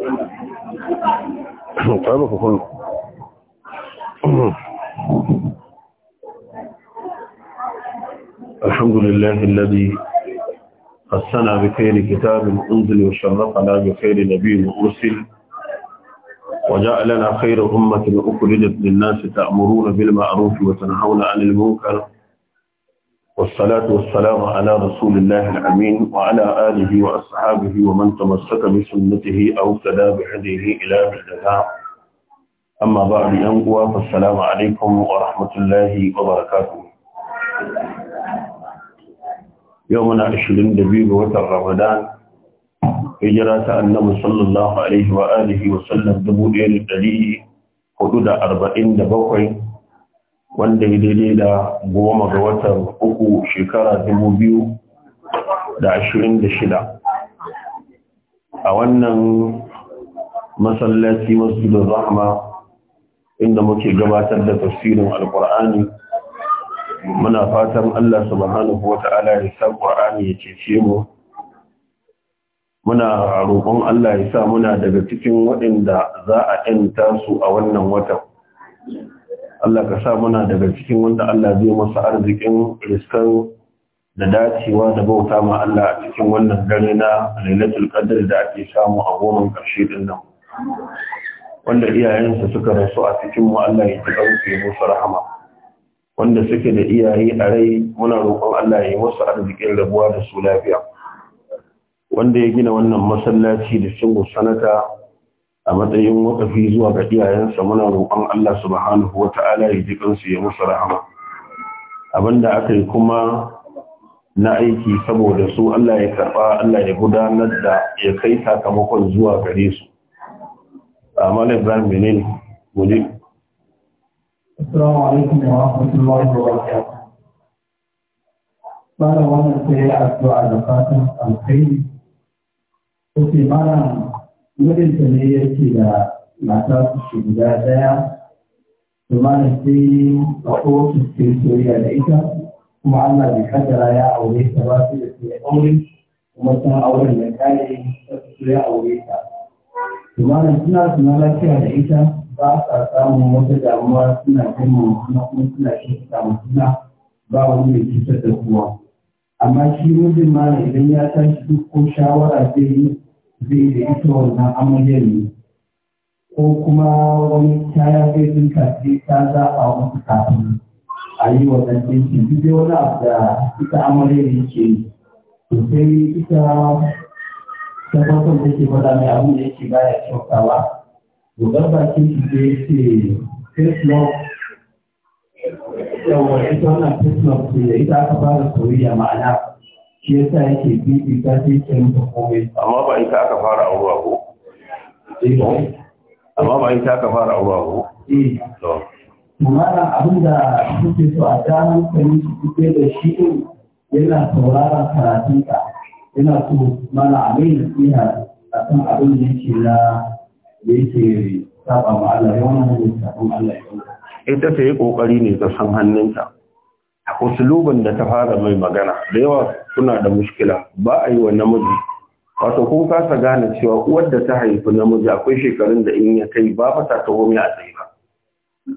طيب، الحمد لله الذي قصنا بخير كتاب أنزل وشرفنا بخير نبي ورسل وجعلنا خير أمة أخرجت للناس تأمرون بالمعروف وتنهون عن المنكر والصلاة والسلام على رسول الله الأمين وعلى آله وأصحابه ومن تمسك بسنته أو اهتدى بهديه إلى بالجزاء أما بعد أنقوى فالسلام عليكم ورحمة الله وبركاته يومنا عشرين دبيب وتر رمضان هجرة النبي صلى الله عليه وآله وسلم دبو دير الدليل حدود أربعين دبوكين wanda ya daidai da goma ga watan uku shekara dubu biyu da ashirin da shida a wannan masallaci da rahma inda muke gabatar da tafsirin alkur'ani muna fatan Allah subhanahu wa ta'ala ya sa Alƙur'ani ya cece mu muna roƙon Allah ya sa muna daga cikin waɗanda za a 'yanta su a wannan watan Allah ka sa muna daga cikin wanda Allah zai masa arzikin riskan da dacewa da bauta ma Allah a cikin wannan dare na lailatul qadr da ake samu a goman karshe din nan wanda iyayensa suka rasu a cikin mu Allah ya ji ƙarfi musu rahama wanda suke da iyaye a rai muna roƙon Allah ya yi musu arzikin rabuwa da su lafiya wanda ya gina wannan masallaci da shingo sanata a matsayin wakafi zuwa ga iyayensa muna roƙon Allah subhanahu wa ta'ala ya ji kansu ya musu rahama abinda aka yi kuma na aiki saboda su Allah ya karɓa Allah ya gudanar da ya kai sakamakon zuwa gare su a na zan Benin guje Assalamu alaikum wa rahmatullahi wa barakatuh Bara wannan sai addu'a da fatan alkhairi Ko malam mijinta ne yake da mata su guda daya to malam sai a kowace soyayya da ita kuma Allah bai kaddara ya aure ta ba sai da ya aure kuma sun auren da kare ta su ya aure ta to malam suna suna lafiya da ita ba sa samun wata damuwa suna kuma kuma suna shi samu suna ba wani mai cutar da kuwa amma shi mijin ma idan ya tashi duk ko shawara zai yi zai da ita wannan amaryar ne ko kuma wani kayan zai dinka sai ta a wasu kafin a yi wa ɗanɗinki duk wani abu da ita amaryar ne ke to sai ita ta farkon da ke faɗa mai abin da yake baya kyautawa to bakin shi zai ce face love yawon ita wannan face love ce da ita aka fara soyayya ma'ana shi yasa yake bibi ta ce ke rufe komai amma ba ita aka fara aure ko amma ba ita aka fara aure ko eh to abin da suke so a damar hankali su kuke da shi yana sauraron karatun ka yana so mana a mai nasiha a kan abin da yake na da yake saba ma Allah ya wannan da sabon Allah ya ita ta yi kokari ne ta san hannunta usulubin da ta fara mai magana da yawa suna da mushkila ba a yi wa namiji wato kun kasa gane cewa uwar da ta haifi namiji akwai shekarun da in ya kai ba ba ta taho a tsaye ba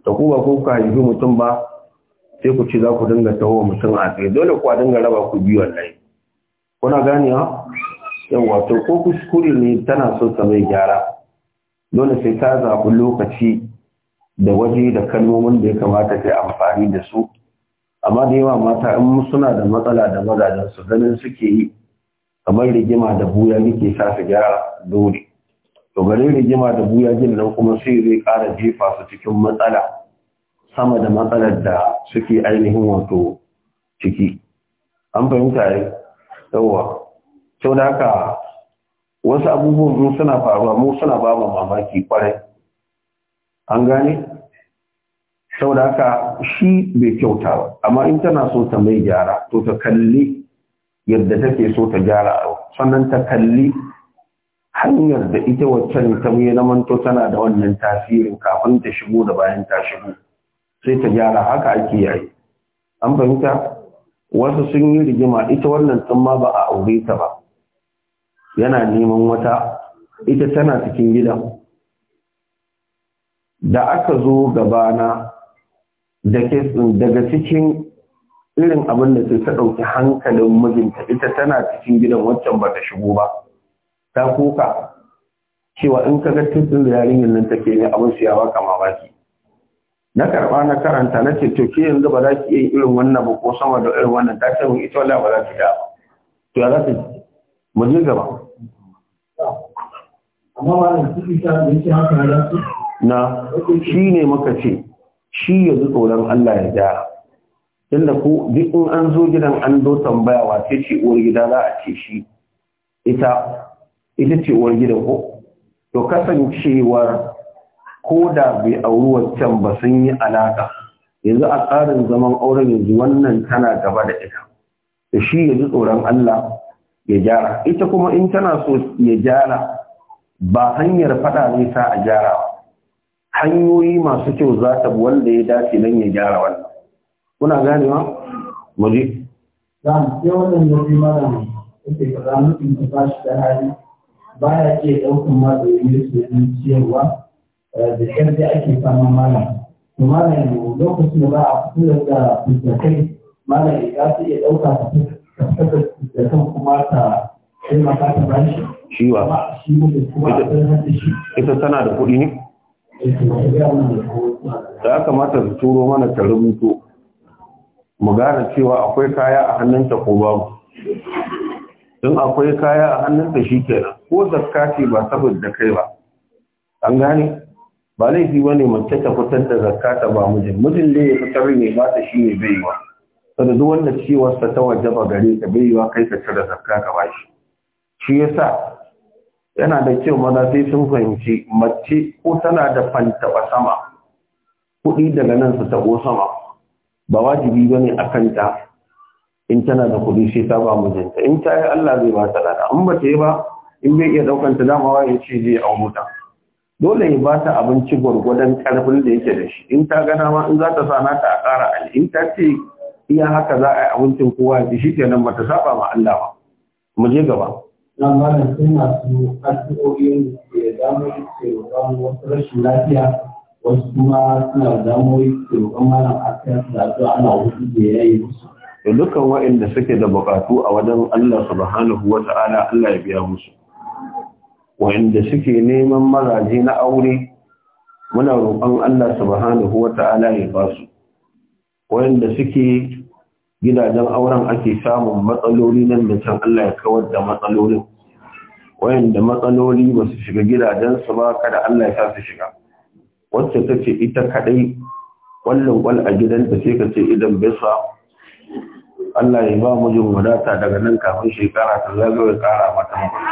ta ku ba ku haifi mutum ba sai ku ci za ku dinga taho mutum a tsaye dole ku dinga raba ku biyu wallahi kuna gane ha yan wato ko kuskure ne tana so ta mai gyara dole sai ta zaɓi lokaci da waje da kalmomin da ya kamata ta yi amfani da su amma da yawa mata in suna da matsala da mazajen su ganin suke yi kamar rigima da buya nike sa su gyara dole to gare rigima da buya jin nan kuma sai zai ƙara jefa su cikin matsala sama da matsalar da suke ainihin wato ciki an fahimta yi yawa sau da haka wasu abubuwan suna faruwa mu suna babu mamaki kwarai an gane saboda haka shi bai kyauta ba amma in tana so ta mai gyara to ta kalli yadda take so ta gyara a sannan ta kalli hanyar da ita waccan ta mai zamanto tana da wannan tasirin kafin ta shigo da bayan ta shigo sai ta gyara haka ake yayi an fahimta wasu sun yi rigima ita wannan sun ma ba a aure ta ba yana neman wata ita tana cikin gidan da aka zo gabana daga cikin irin abin da ke ta ɗauki hankalin mijinta ita tana cikin gidan waccan ba ta shigo ba ta kuka cewa in ka ga tutsun da yarinyar nan take ne abin su ya baka mamaki na karɓa na karanta na ce to ke yanzu ba za ki iya irin wannan ba ko sama da irin wannan ta ce ita wala ba za ki da ba to ya za ta mu ji gaba amma wannan kuɗi ta da yake haka na shi ne muka ce shi ya zu tsoron Allah ya gyara inda ko duk in an zo gidan an zo tambaya wa ce uwar gida za a ce shi ita ita ce uwar gidan ko to kasancewar ko da bai auri wancan ba sun yi alaƙa? yanzu a tsarin zaman auren yanzu wannan tana gaba da ita da shi ya tsoron Allah ya gyara ita kuma in tana so ya gyara ba hanyar faɗa ne sa a gyara ba hanyoyi masu kyau za ta wanda ya dace nan ya gyara wannan kuna gane ma mu je za mu wannan da kuma da ke kaza mutum ta ba shi da hali ya ce daukan ma da yi su eh, da ciyarwa da kyar da ake fama mana to mana lokacin da ba a fito da fuskakai mana ya za iya dauka ka fita da kan kuma ka taimaka ta ba shi shi wa ita tana da kuɗi ne da ya kamata su turo mana ta rubuto mu gane cewa akwai kaya a hannunta ko babu in akwai kaya a hannunta shi kenan ko zakka ce ba saboda kai ba an gane ba laifi ba ne mace ta fitar da zakka ta ba mijin mijin da ya fitar ne ba ta shi ne bai wa duk wanda ciwarsa ta waje ba gare ka bai wa kai ka cire zakka ka ba shi shi yasa yana da kyau maza sai sun fahimci mace ko tana da fantaba sama kuɗi daga nan su taɓo sama ba wajibi ba ne a kanta in tana da kuɗi sai ta ba mijinta in ta yi Allah zai ba ta lada in ba ta yi ba in bai iya ɗaukan ta dama ya ce zai a ta dole ya ba ta abinci gwargwadon karfin da yake da shi in ta ga ma in za ta sa nata a ƙara ali in ta ce iya haka za a yi abincin kowa ya shi kenan ba ta saba ma Allah ba mu je gaba nan malam sai masu addu'o'in ya damu ke roƙon wasu rashin lafiya wasu kuma suna damu ke roƙon malam akiyar da addu'a ana hudu da yayi musu da dukkan wa'inda suke da buƙatu a wajen Allah subhanahu wa ta'ala Allah ya biya musu Wa'inda suke neman maraje na aure muna roƙon Allah subhanahu wa ta'ala ya ba su waɗanda suke gidajen auren ake samun matsaloli nan da can Allah ya kawar da matsalolin wayanda matsaloli ba su shiga gidajensu ba kada Allah ya sa su shiga wacce ta ce ita kadai kwallon kwal a gidanta sai ka ce idan bisa Allah ya ba mu jin wadata daga nan kafin shekara ta ya kara mata mutum.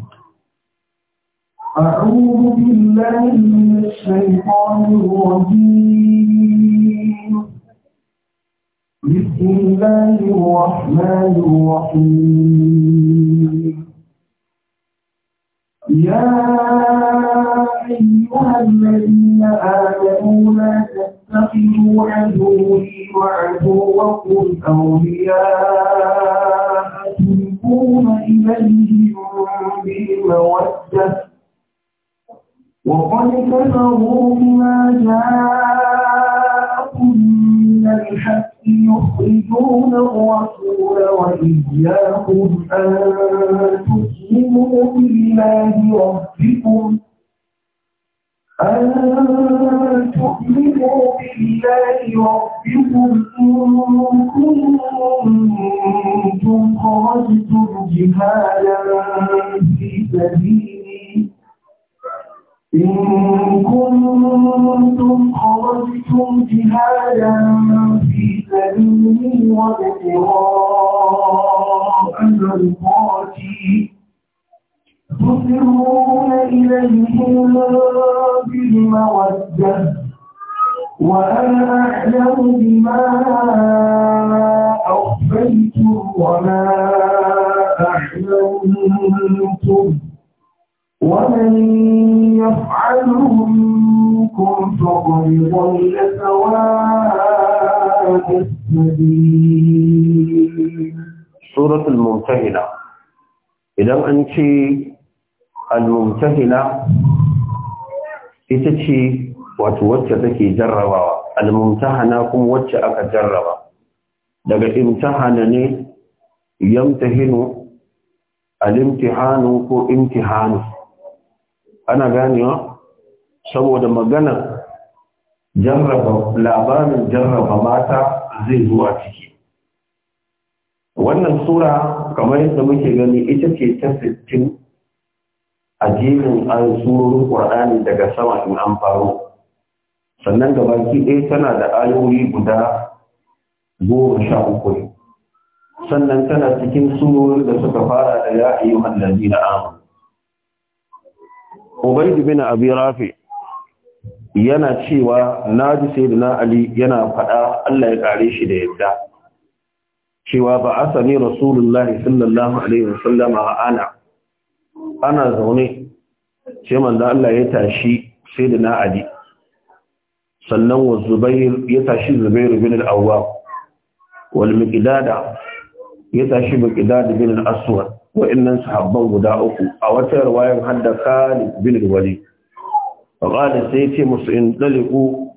أعوذ بالله من الشيطان الرجيم بسم الله الرحمن الرحيم يا أيها الذين آمنوا لا تتخذوا عدوي وعدوكم أولياء تلقون إليهم بالمودة وقد كفروا بما جاءكم من الحق يخرجون الرسول وإياكم أن تؤمنوا بالله ربكم أن تؤمنوا بالله ربكم إن كنتم خرجتم جهادا في سبيل إن كنتم خرجتم جهادا في سبيلي وابتغاء مرضاتي تسرون إليهم بالمودة وأنا أعلم بما أخفيتم وما أعلمتم ومن نفعله منكم فقد ضل سواء ita ce wato wacce take jarrabawa almumtahana kuma wacce aka jarraba daga imtahana ne yamtahinu alimtihanu ko imtihanu ana ganewa saboda magana jarraba labarin jarraba mata zai zuwa ciki wannan sura kamar yadda muke gani ita ce ta fitin a jerin an surorin daga sama in an faru. sannan gabaki ɗaya tana da ayoyi guda goma sha uku sannan tana cikin surorin da suka fara da ya ayyuhan lalina amur ubaid bin abi rafi yana cewa naji sayyidina ali yana fada Allah ya kare shi da yadda cewa ba asani rasulullahi sallallahu alaihi wasallama ana ana zaune sai manzo Allah ya tashi sayyidina ali sannan wa zubair ya tashi zubair bin al-awwab wal miqdada ya tashi miqdad bin al-aswad wa'annan sahabban guda uku a wata riwayar hadda Khalid bin Walid qala sai ce musu in daliku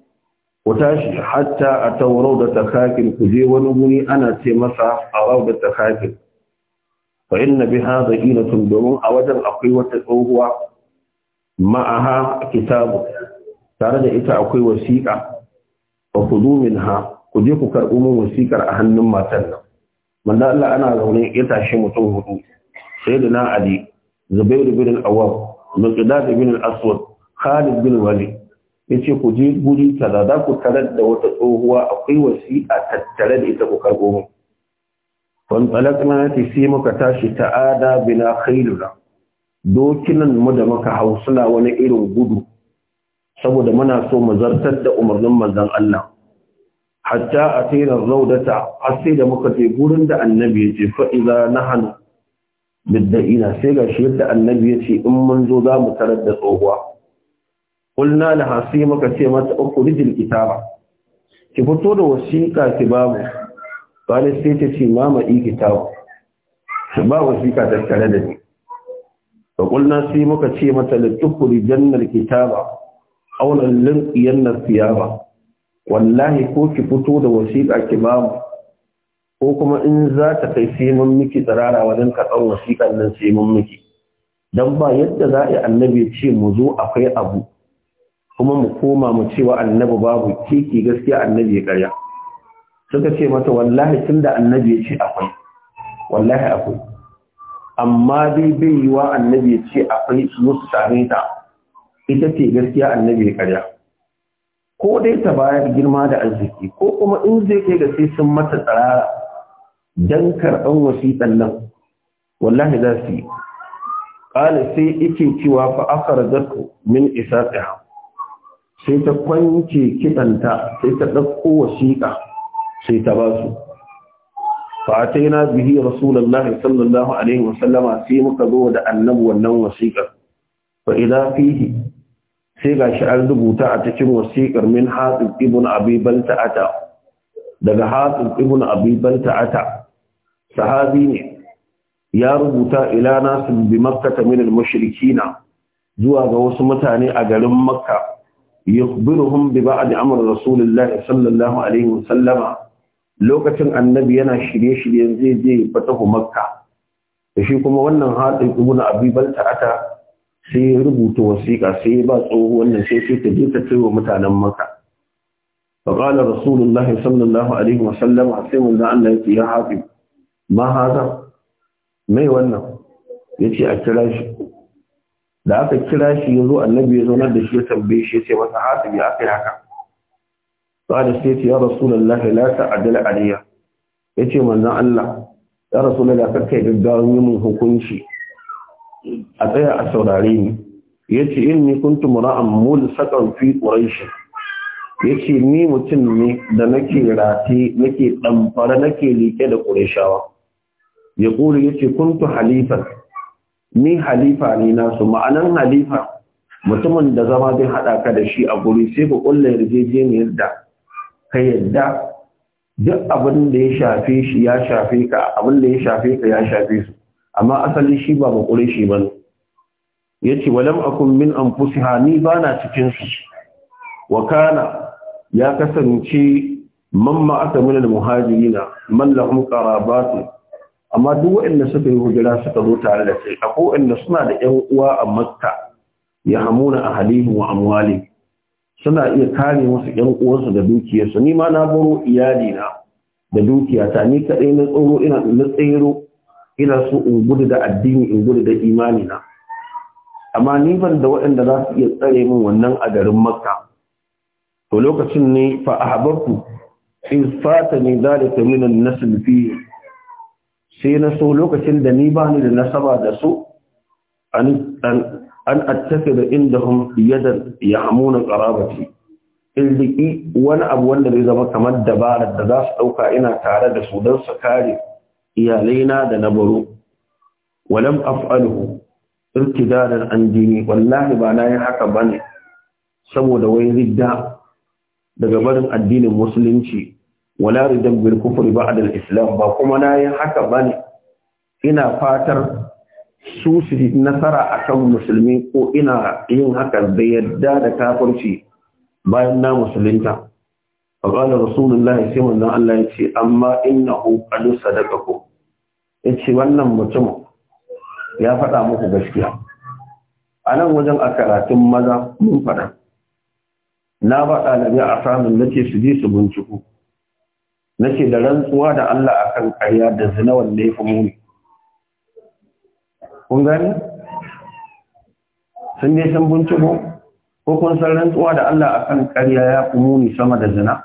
ku tashi hatta a taurau da takakin ku je wani guni ana ce masa a rau da takakin fa inna biha ilatun domin a wajen akwai wata tsohuwa ma'aha kitabu tare da ita akwai wasiƙa fa kudu minha ku je ku karɓo min wasiƙar a hannun matan nan manzo Allah ana zaune ya tashi mutum hudu sayyidina ali zubair bin al-awwab da bin al-aswad khalid bin walid yace ku je guri kaza za ku tarar da wata tsohuwa akwai wasi'a tattare da ita ku karbo mu wan talaqna ta sai muka tashi ta'ada bina khailuna dokinan mu da muka suna wani irin gudu saboda muna so mu zartar da umarnin manzon Allah hatta atayna rawdata har sai da muka je gurin da annabi yace fa na nahanu bidda'ina sai ga shi yadda annabi ya ce in mun zo za mu tarar da tsohuwa ƙulna da hasi maka ce mata uku rijil kitaba ki fito da wasiƙa ki mu bani sai ta ce ma i Ki ba wasiƙa ta tare da ni ba ƙulna sai muka ce mata litukuri jannar kitaba aw lin yannar ba wallahi ko ki fito da wasiƙa ki mu ko kuma in za ta kai sai miki tsirara wajen karɓar wasiƙar nan sai miki don ba yadda za a yi annabi ce mu zo akwai abu kuma mu koma mu cewa annabi babu kiki gaskiya annabi ya karya suka ce mata wallahi da annabi ya ce akwai wallahi akwai amma dai bai yi wa annabi ya ce akwai musu tare ta ita ce gaskiya annabi ya karya ko dai ta bayar girma da arziki ko kuma in zai kai ga sai sun mata tsirara? dan karban wasiƙan nan wallahi za su yi ƙala sai ike cewa fa akar zarku min isaƙiha sai ta kwance kiɗanta sai ta ɗauko wasiƙa sai ta ba su fa'ataina bihi rasulullahi sallallahu alaihi wasallama sai muka zo da annabi wannan wasiƙar fa idza fihi sai ga shi an rubuta a cikin wasiƙar min hatsin ibn abi balta'ata daga hatsin ibn abi balta'ata sahabi ne ya rubuta ila nasin bi makkata min al-mushrikina zuwa ga wasu mutane a garin makka yukhbiruhum bi ba'd amr rasulullah sallallahu alaihi wasallam lokacin annabi yana shirye-shiryen zai je fatahu makka da shi kuma wannan hadin ibnu abi ata sai ya rubuta wasiƙa sai ba tsoho wannan sai sai ta je ta tsaye mutanen makka فقال sallallahu alaihi صلى الله عليه وسلم عسيم الله أن يا حبيب ma haza mai wannan ya ce a kira shi da aka kira shi ya zo annabi ya zaunar da shi ya tambaye shi ya ce masa ya aka yi haka ce ya rasu يا رسول الله لا تعدل Ya ce manzan Allah ya rasu rasulullah karkai gaggawan yi mun hukunci a tsaya a saurare ni kun tumura a mul sakan fi Ya ce ni mutum ne da nake rati nake damfara nake liƙe da ƙuraishawa ya ƙuri ya ce kuntu halifa ni halifa ne nasu ma'anan halifa mutumin da zama zai haɗa ka da shi a guri sai ku ƙulla yarjejeniyar da ka yadda duk abin da ya shafe shi ya shafe ka abin da ya shafe ka ya shafe su amma asali shi ba makure shi ba ne ya ce walam akun min an ni ba na cikinsu wa kana ya kasance man ma'aka minal muhajirina man lahum amma duk waɗanda suka yi hujira suka zo tare da kai a waɗanda suna da ƴan uwa a makka ya hamuna a halihu wa amwali suna iya kare musu ƴan uwansu da dukiyarsu ni ma na baro iyali na da dukiyata ni kaɗai na tsoro ina na tsero ina so in gudu da addini in gudu da imani na amma ni ban da waɗanda za su iya tsare min wannan a garin makka to lokacin ne fa ahbabtu in fata ne zalika min an-nasl fihi sai na so lokacin da ni bani da nasaba da su an an attafi da indahum ya ya'muna qarabati in riki wani abu wanda zai zama kamar dabarar da za su ɗauka ina tare da su don su kare iyalaina da na baro walam af'aluhu irtidadan an dini wallahi ba na yi haka bane saboda wai ridda daga barin addinin musulunci wala ridan bil kufri ba'da al islam ba kuma nayi haka bane ina fatar su su nasara akan musulmi ko ina yin haka da yadda da kafirci bayan na musulunta fa qala rasulullahi sai alaihi Allah sallam amma innahu qad sadaqakum yace wannan mutum ya faɗa muku gaskiya Anan wajen a karatun maza mun faɗa na ba ɗalibai a samun nake su je su binciko nace da rantsuwa da Allah akan ƙarya da zina wanda fi muni kun gani sun ne san binciko ko kun san rantsuwa da Allah akan ƙarya ya fi muni sama da zina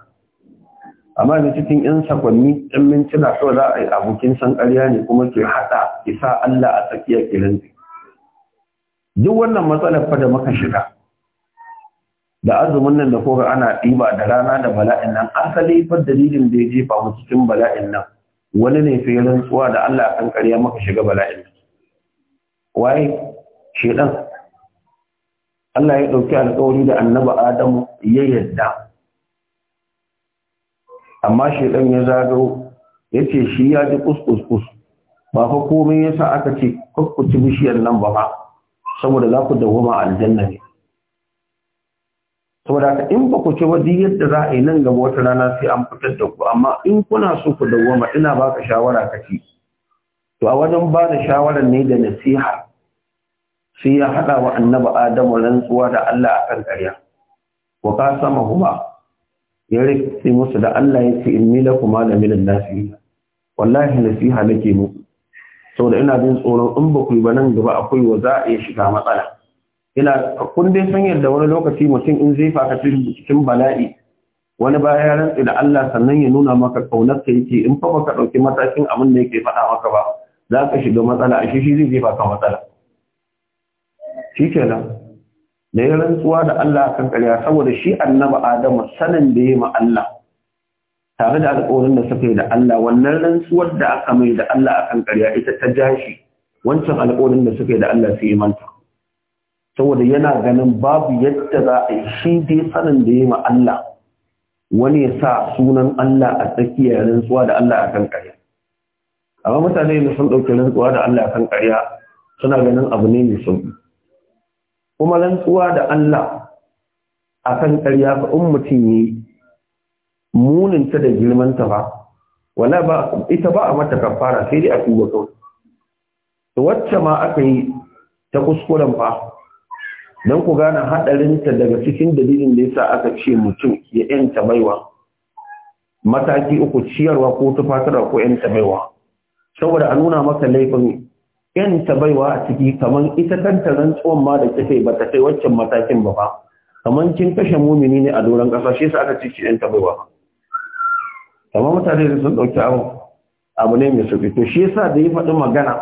amma da cikin yan sakwanni yan mintuna so za a yi abokin san ƙarya ne kuma ke haɗa isa Allah a tsakiyar kirin duk wannan matsalar fa da muka shiga da azumin nan da koga ana ɗiba da rana da bala'in nan asali fa dalilin da ya jefa mu cikin bala'in nan wani ne fa rantsuwa da Allah kan kariya maka shiga bala'in nan waye shedan Allah ya ɗauki alƙawari da Annabi Adamu ya yadda amma shedan ya zagaro ya shi ya ji kus ba fa komai yasa aka ce kukkuci bishiyar nan ba ba saboda za ku dawo ma aljanna ne saboda ka in ba ku ce wajen yadda za a yi nan gaba wata rana sai an fitar da ku amma in kuna so ku ma ina baka shawara ka ci to a wajen ba da shawarar ne da nasiha sai ya haɗa wa Annabi adamu rantsuwa da Allah kan ƙarya wa sama huma ya rikci musu da Allah ya ce inni kuma ma min nasiha wallahi nasiha nake muku saboda ina jin tsoron in ba ku yi ba nan gaba akwai wa za a iya shiga matsala ina kun dai san yadda wani lokaci mutum in zai faka cikin bala'i wani baya ya rantsi da Allah sannan ya nuna maka kaunar ka yake in fa baka dauki matakin abin da yake faɗa maka ba za ka shiga matsala a shi zai jefa ka matsala shi kenan da ya rantsuwa da Allah kan ƙarya saboda shi annaba Adamu sanin da ya ma Allah tare da alƙawarin da suka yi da Allah wannan rantsuwar da aka mai da Allah akan ƙarya ita ta jashi wancan alƙawarin da suka yi da Allah su imanta saboda yana ganin babu yadda za a yi shi dai sanin da ya ma Allah wani ya sa sunan Allah a tsakiya rantsuwa da Allah a kan ƙarya amma mutane da sun ɗauki rantsuwa da Allah a kan ƙarya suna ganin abu ne mai sauƙi kuma rantsuwa da Allah a kan ƙarya ga in mutum yi muninta da girmanta ba wala ba ita ba a mata kafara sai dai a tuba kawai wacce ma aka yi ta kuskuren fa don ku gane ta daga cikin dalilin da yasa aka ce mutum ya ‘yanta baiwa mataki uku ciyarwa ko tufatarwa ko ƴanta baiwa saboda a nuna maka laifin ‘yanta baiwa a ciki kamar ita kanta rantsuwan ma da kafe ba ta kai waccan matakin ba ba kamar kin kashe mumini ne a doron ƙasa shi yasa aka ce ki baiwa kamar mutane da sun ɗauki abu abu ne mai sauƙi to shi yasa da ya faɗi magana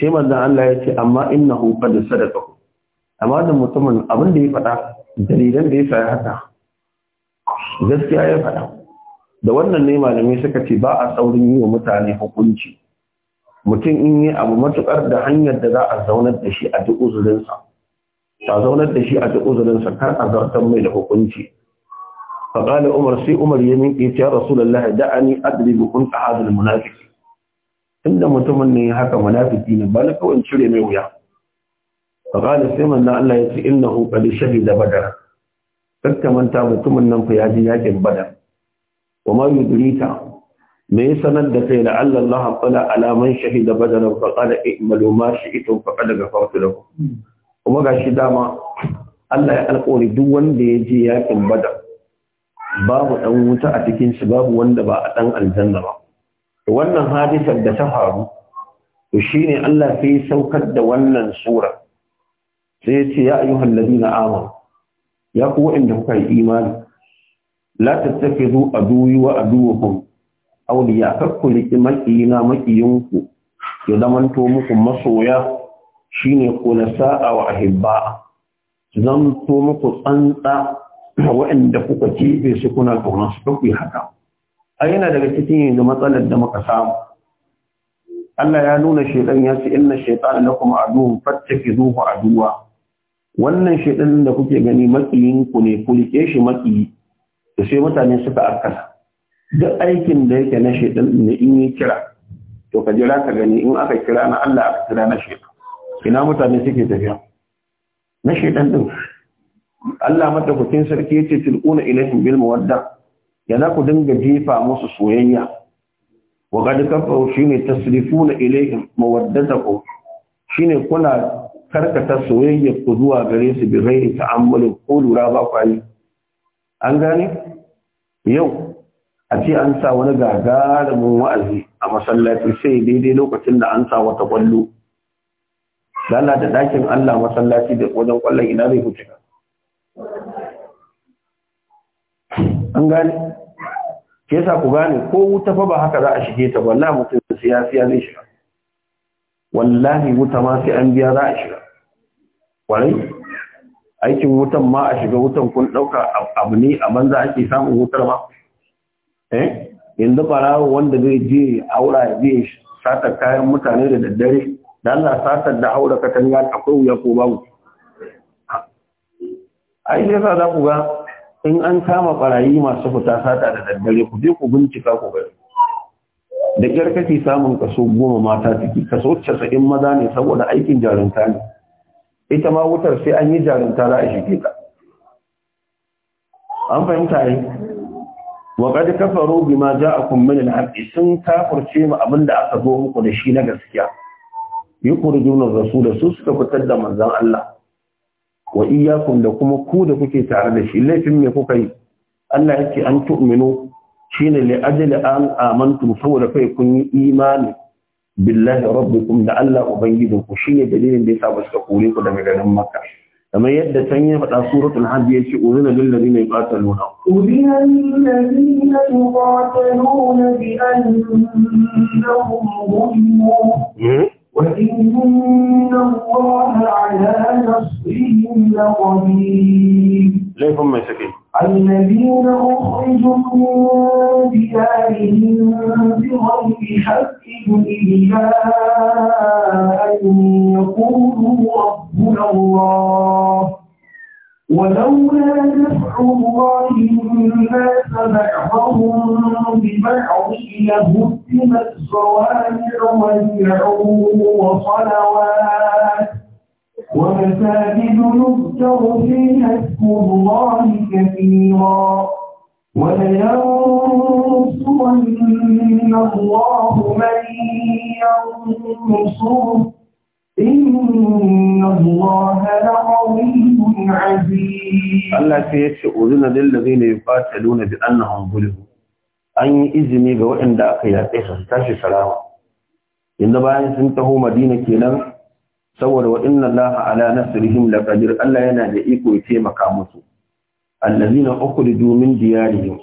sai manzon Allah ya ce amma innahu qad sadaqa amma da mutumin abin da ya faɗa dalilan da ya sa haka gaskiya ya faɗa da wannan ne malamai suka ce ba a saurin yi wa mutane hukunci mutum in yi abu matukar da hanyar da za a zaunar da shi a duk uzurinsa a zaunar da shi a duk uzurinsa kar a zartar mai da hukunci فقال عمر سي عمر يمين يا رسول الله دعني ادري كنت هذا المنافق mutumin ne haka munafuki ne ba na kawai cire mai wuya faƙali sai manzan Allah ya ce innahu qad shahida badar kakkamanta mutumin nan fa yaji yakin badar wa ma yudrika me ya sanar da kai da Allah Allah qala ala man shahida badar fa qala i'malu ma shi'tum fa qad ghafartu ku? kuma gashi dama Allah ya alƙawari duk wanda ya je yakin badar babu ɗan wuta a cikin shi babu wanda ba a ɗan aljanna ba wannan hadisar da ta faru to shine Allah sai saukar da wannan sura sai ya ce ya ayyuhan ladina amanu ya ku wa'anda kuka yi imani la tattakhidhu aduwi wa aduwakum awliya kakkuli makiyina makiyinku ya zamanto muku masoya shine qulasa wa ahibba zanto muku tsantsa wa'anda kuka kife su kuna kauna su kuka haka a yana daga cikin yanzu matsalar da muka samu Allah ya nuna shaitan ya ce inna shaitan lakum aduwwun fattakizuhu aduwa wannan shaidan da kuke gani ku ne ku rike shi matsiyi da sai mutane suka akasa duk aikin da yake na shaidan ne in yi kira to ka jira ka gani in aka kira na Allah aka kira na shaidan ina mutane suke tafiya na shaidan din Allah mata kin sarki yace tilquna ilaihim bil mawadda yana ku dinga jefa musu soyayya wa qad kafaru shine tasrifuna ilaihim mawaddatakum shine kuna karkata soyayya ku zuwa gare su bi ta ta'ammulin ko lura ba kwani an gane yau a ce an sa wani gagarumin wa'azi a masallaci sai daidai lokacin da an sa wata kwallo lalla da dakin Allah masallaci da wajen kwallon ina zai cika. an gane ke sa ku gane ko wuta fa ba haka za a shige ta wallahi mutum siyasiya zai shiga wallahi wuta ma sai an biya za a shiga kwarai aikin wutan ma a shiga wutan kun ɗauka abu ne a banza ake samun wutar ma eh yanzu fara wanda zai je aura zai satar kayan mutane da daddare da Allah satar da aura katanga akwai wuya ko babu ai ne za ku ga in an kama barayi masu fita sata da daddare ku je ku bincika ku ga da kyar kake samun kaso goma mata ciki kaso casa'in maza ne saboda aikin jarumta ne ita ma wutar sai an yi jarumta za a shige ka an fahimta ne wa qad kafaru bima ja'akum min al-haqq sun kafirce mu abinda aka zo muku da shi na gaskiya yukhrijuna ar da su suka fitar da manzon Allah wa iyyakum da kuma ku da kuke tare da shi laifin me kuka yi Allah yake an tu'minu shine li ajli an amantum saboda kai kun yi imani بالله ربكم لعل ابيد وشي دليل اللي يسا بس تقولي كو دمي مكه لما يد تاني فدا سوره الحج يشي اذن الذين يقاتلون اذن الذين يقاتلون بانهم ظلموا وان الله على نصرهم لقدير ليه هم مسكين الذين اخرجوا من بحق إلا أن يقولوا ربنا الله ولولا دفع الله الناس بعضهم ببعض لهدمت صوامع وبيع وصلوات ومساجد يذكر فيها اسم الله كثيرا allah الله من ينصره إن zai لقوي عزيز الله سيشي أذن للذين يقاتلون an yi izini ga waɗanda aka yaƙe su tashi salama inda bayan sun taho madina kenan saboda waɗannan laha ala nasrihim laqadir Allah yana da iko ya taimaka musu allazina ukhriju min diyarihim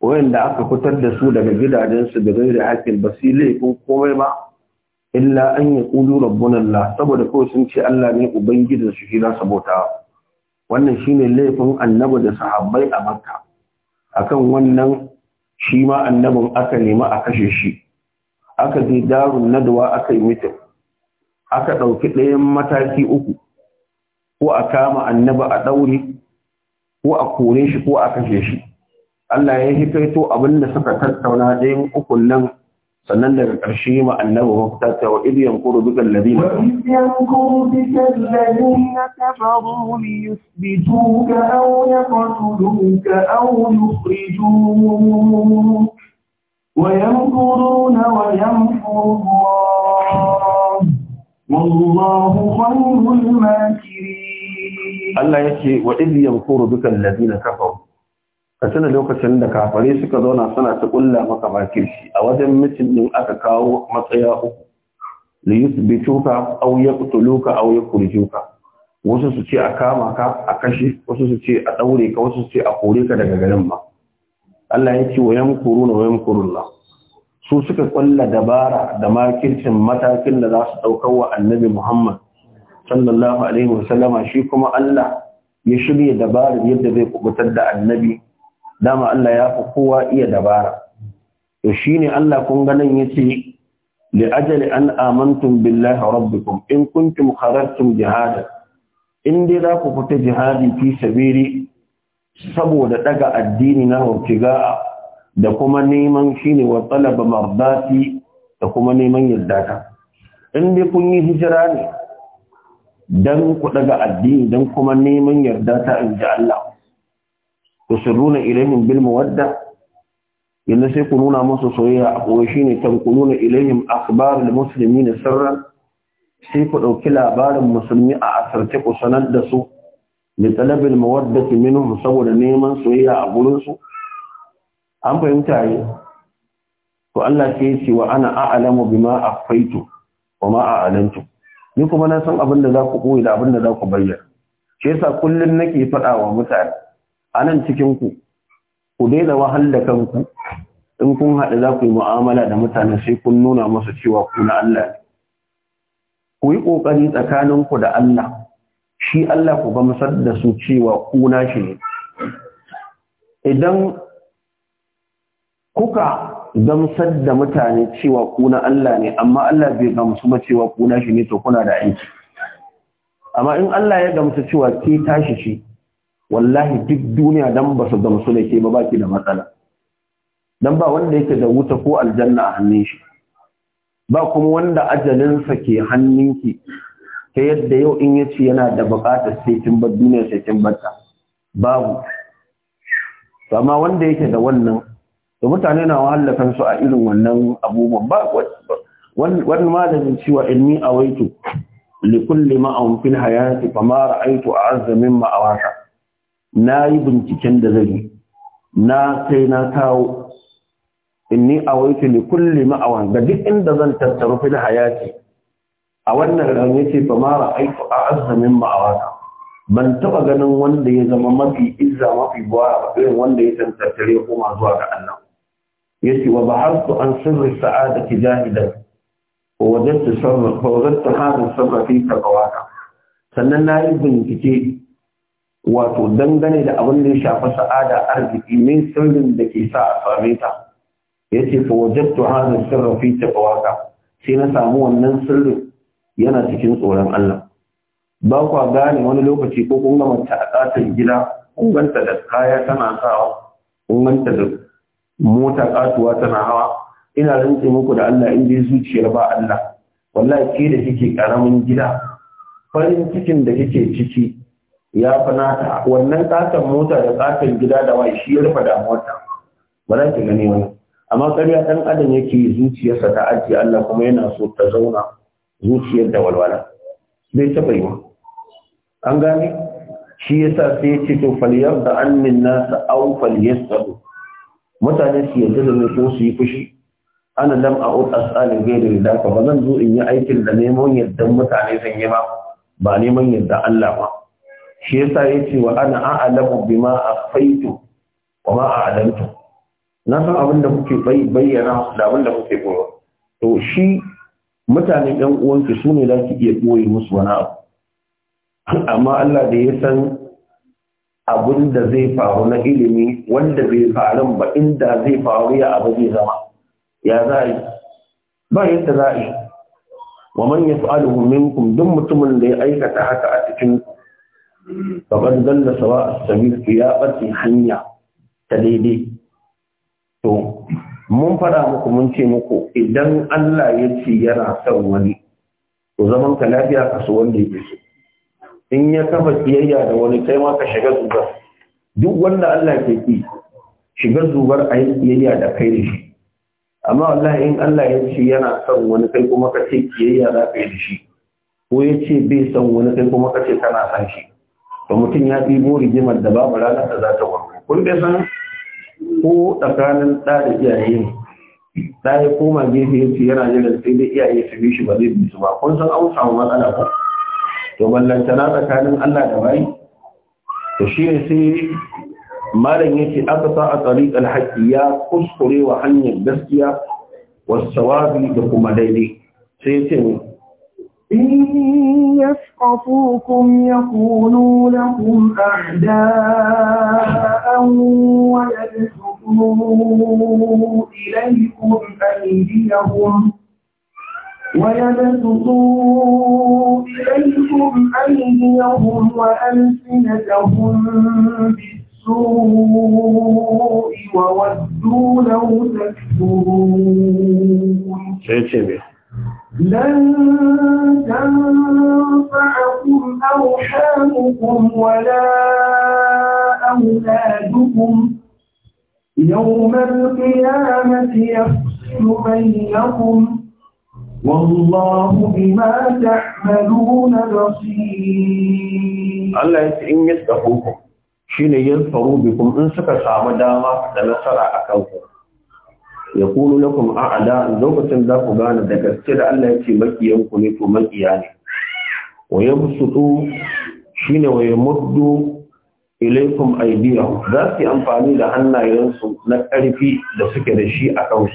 wayanda aka fitar da su daga gidajensu da gairi ba basile laifin komai ba illa an yaqulu rabbuna allah saboda kawai sun ce Allah ne ubangijin su shi za bauta wannan shine laifin annabi da sahabbai a makka akan wannan shi ma annabin aka nema a kashe shi aka je darun nadwa aka yi mutum. aka ɗauki ɗayan mataki uku ko a kama annaba a ɗaure ko a kore shi ko a kashe shi Allah ya hikaito abin da suka tattauna ɗayan ukun nan sannan daga ƙarshe ma annabi mafita ta wa idiyan kuru duka ladina kafaru li yusbituka aw yaqtuluka aw yukhrijuka ويمكرون ويمكر الله والله خير الماكرين Allah yake wa idh yamkuru bika allazina kafaru ka tuna lokacin da kafare suka zauna suna ta kulla maka shi, a wajen mutum din aka kawo matsaya uku li yuthbituka aw yaqtuluka aw yukhrijuka wasu su ce a kama ka a kashe wasu su ce a daure ka wasu su ce a kore ka daga garin ba. Allah yake wa yamkuruna wa yamkurullah su suka kulla dabara da makircin matakin da za su daukar wa annabi Muhammad sallallahu alaihi wasallama shi kuma Allah ya shirya dabarar yadda zai kubutar da annabi dama Allah ya fi kowa iya dabara to shine Allah kun ga nan yace li ajali an amantum billahi rabbikum in kuntum kharajtum jihada in dai za ku fita jihadi fi sabiri saboda daga addini na hukkiga da kuma neman shine wa talaba mardati da kuma neman yarda ta in dai kun yi hijira ne dan ku daga addini dan kuma neman yarda ta inji Allah tusirruna ilaihim bil mawadda yanda sai ku nuna musu soyayya a koyi shine tanquluna ilaihim al muslimin sirran sai ku dauki labarin musulmi a asarce ku sanar da su bi talabil mawaddati minhum saboda neman soyayya a gurin su an fahimta yi to Allah sai ya ce wa ana a'lamu bima akhfaitu wa ma a'lantu ni kuma na san abin da za ku koyi da abin da za ku bayyana shi yasa kullum nake faɗa wa mutane a nan cikin ku ku daina wahal da kanku in kun haɗu za ku yi mu'amala da mutane sai kun nuna musu cewa ku na Allah ne ku yi ƙoƙari tsakaninku da Allah shi Allah ku gamsar da su cewa ku na shi ne idan kuka gamsar da mutane cewa kuna Allah ne amma Allah bai gamsu ba cewa kuna shi ne to kuna da aiki amma in Allah ya gamsu cewa ke tashi shi wallahi duk duniya dan ba su gamsu da ke ba baki da matsala dan ba wanda yake da wuta ko aljanna a hannun shi ba kuma wanda ajalinsa ke hannunki ta yadda yau in yace yana da bukatar sai kin bar duniya sai kin batta babu amma wanda yake da wannan da mutane na wahala kansu a irin wannan abubuwan ba wani malamin cewa ilmi a waitu likulli ma'aun fil hayati fa ma ra'aitu azamin ma'awata. Na yi binciken da zai na sai na kawo inni waitu, likulli ma'awan ga duk inda zan tattaru fil hayati a wannan ran yace fa ma ra'aitu a azamin ma'awata. ban taba ganin wanda ya zama mafi izza mafi buwa irin wanda ya tantattare kuma zuwa ga Allah yace wa ba'athu an sirri sa'adati jahidan wa wajadtu sabra fa wajadtu hadha sabra fi taqwaka sannan nayi bincike wato dangane da abin da ya shafi sa'ada arziki ne sirrin da ke sa a same ta yace fa wajadtu hadha sirra fi taqwaka sai na samu wannan sirri yana cikin tsoron Allah ba kwa gane wani lokaci ko kun ga mace a tsatar gida kun da kaya tana sawa kun ganta da mota kasuwa tana hawa ina rantse muku da Allah in dai zuciyar ba Allah wallahi ke da kike karamin gida farin cikin da kike ciki ya wannan katon mota da katan gida da wai shi ya rufe mota ba za ki gani wani amma ƙarya ɗan adam yake zuciyarsa ta ajiye Allah kuma yana so ta zauna zuciyar da walwala bai taɓa yi an gane shi yasa sai ya ce to falyar da annin nasa au falyar mutane su yarda da ni ko su yi fushi ana lam a ut as'alin gairi da ka ba zan zo in yi aikin da neman yadda mutane zan yi ba ba neman yadda Allah ba shi yasa yace wa ana a'lamu bima akhfaytu wa ma a'lamtu na san abin da kuke bayyana da abin da kuke koyo to shi mutane ɗan uwanki su ne za ki iya koyi musu wani abu amma Allah da ya san abin da zai faru na ilimi wanda bai faru ba inda zai faru ya abu zai zama ya za yi ba yadda za yi wa man yaf'aluhu minkum duk mutumin da ya aikata haka a cikin Babban dalla sawa as-sabil ya bati hanya ta daidai to mun fada muku mun ce muku idan Allah ya ce yana son wani to zaman ka lafiya kasu wanda yake so in ya kafa kiyayya da wani kai ma ka shiga zubar duk wanda Allah ke ki shiga zubar a yin kiyayya da kai da shi amma wallahi in Allah ya ce yana son wani kai kuma ka ce kiyayya za ka yi da shi ko ya ce bai son wani kai kuma ka ce kana son shi to mutum ya ɗibo rigimar da babu ranar da za ta warware kun bai san ko tsakanin ɗa da iyaye ɗa ya koma gefe ya yana jiran sai dai iyaye su bi shi ba zai bi su ba kun san an samu matsala ba to na tsakanin Allah da bayi to shi ne sai malam yake aka sa a tariqal haqqi ya kuskure wa hanyar gaskiya wasawabi da kuma daidai sai yace إن يثقفوكم يكونوا لكم أعداء ويبسطوا إليكم أيديهم ويبسطوا إليكم أيديهم وألسنتهم بالسوء وودوا لو تكفرون لن تنفعكم أرحامكم ولا أولادكم يوم القيامة يفصل بينكم Allah ya ce in yi tsakoko shi ne yin tsaro bikin in suka samu dama da nasara a kanku. Ya kuno na kuma a da lokacin za ku gane da gaske da Allah ya ce makiyanku ne to makiya ne. Waye musudu shi ne waye muddu ilaikum aidiyahu za su yi amfani da hannayensu na ƙarfi da suke da shi a kanku.